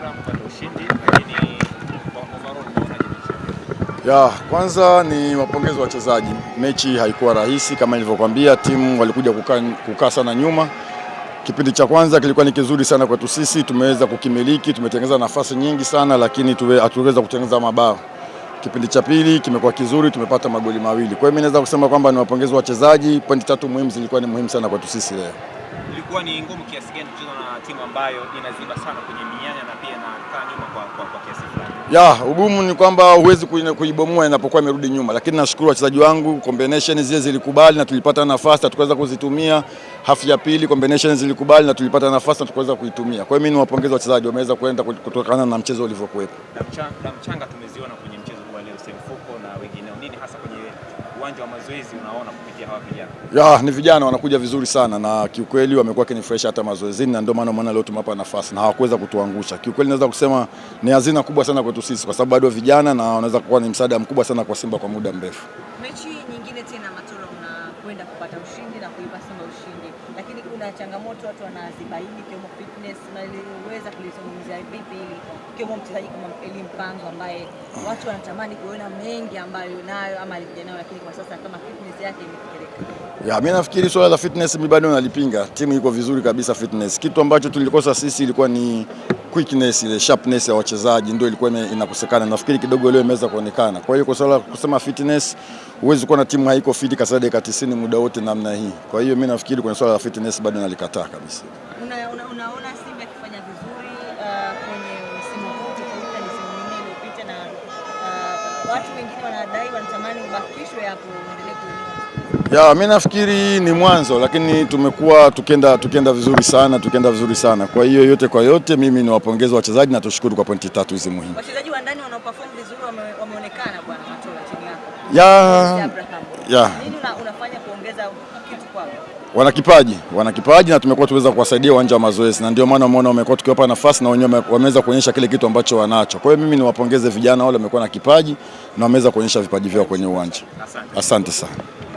mpate ushindi, lakini ya kwanza ni wapongezi wa wachezaji. Mechi haikuwa rahisi kama nilivyokuambia, timu walikuja kukaa sana nyuma. Kipindi cha kwanza kilikuwa ni kizuri sana kwetu sisi, tumeweza kukimiliki, tumetengeneza nafasi nyingi sana, lakini hatuweza kutengeneza mabao. Kipindi cha pili kimekuwa kizuri, tumepata magoli mawili. Kwa hiyo mimi naweza kusema kwamba ni wapongezi wa wachezaji. Pointi tatu muhimu zilikuwa ni muhimu sana kwetu sisi leo inakuwa ni ngumu kiasi gani kucheza na timu ambayo inaziba sana kwenye mianya na pia inakaa nyuma kwa, kwa, kwa kiasi fulani? Ya, ugumu ni kwamba huwezi kuibomoa inapokuwa imerudi nyuma, lakini nashukuru wachezaji wangu, combination zile zilikubali na tulipata nafasi na tukaweza kuzitumia. Hafu ya pili combination zilikubali na tulipata nafasi na tukaweza kuitumia. Kwa hiyo mimi niwapongeze wachezaji, wameweza kuenda kutokana na mchezo ulivyokuwepo. Na mchanga tumeziona kwenye mchezo Fuko na wengineo, nini hasa kwenye uwanja wa mazoezi unaona kupitia hawa vijana? Ya, ni vijana wanakuja vizuri sana na kiukweli wamekuwa fresh hata mazoezini na ndio maana maana leo tumewapa nafasi na hawakuweza kutuangusha. Kiukweli naweza kusema ni hazina kubwa sana kwetu sisi kwa sababu bado vijana na wanaweza kuwa ni msaada mkubwa sana kwa Simba kwa muda mrefu. Mechi kwenda kupata ushindi na kuipa Simba ushindi, lakini kuna changamoto watu wanazibaini, ikiwemo fitness, na kulizungumzia vipi hili, ikiwemo mchezaji kama Eli Mpango ambaye watu wanatamani kuona mengi ambayo nayo ama alikuja nayo, lakini kwa sasa kama fitness yake imekereka. Ya, mi nafikiri swala la fitness mi bado nalipinga. Timu iko vizuri kabisa fitness. Kitu ambacho tulikosa sisi ilikuwa ni quickness ile sharpness ya wachezaji ndio ilikuwa inakosekana. Nafikiri kidogo leo imeweza kuonekana. Kwa hiyo kwa swala kusema fitness, huwezi kuwa na timu haiko fit kasa dakika 90 muda wote namna hii. Kwa hiyo mimi nafikiri kwenye swala la fitness bado nalikataa kabisa. unaona Simba ikifanya vizuri uh, kwenye msimu na uh, watu wengine wanadai wanatamani ubakishwe hapo uendelee ya, mi nafikiri ni mwanzo, lakini tumekuwa tukienda tukienda vizuri sana tukienda vizuri sana. Kwa hiyo yote kwa yote, mimi ni wapongeza wachezaji na tushukuru kwa pointi tatu hizi muhimu. Wachezaji wa ndani wanaoperform vizuri wameonekana bwana Matola chini yako. Ya. Ya. Nini unafanya kuongeza kitu kwao? Wana kipaji, wana kipaji na tumekuwa tuweza kuwasaidia uwanja wa mazoezi na ndio maana umeona wamekuwa tukiwapa nafasi na wenyewe wameweza kuonyesha kile kitu ambacho wanacho. Kwa hiyo mimi niwapongeze vijana wale wamekuwa na kipaji na wameweza kuonyesha vipaji vyao kwenye uwanja. Asante, asante sana.